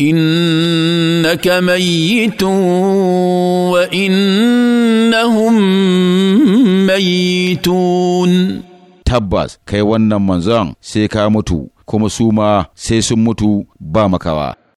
انك ميت وانهم ميتون tabbas kai wannan manzon sai ka mutu kuma su ma sai sun mutu ba makawa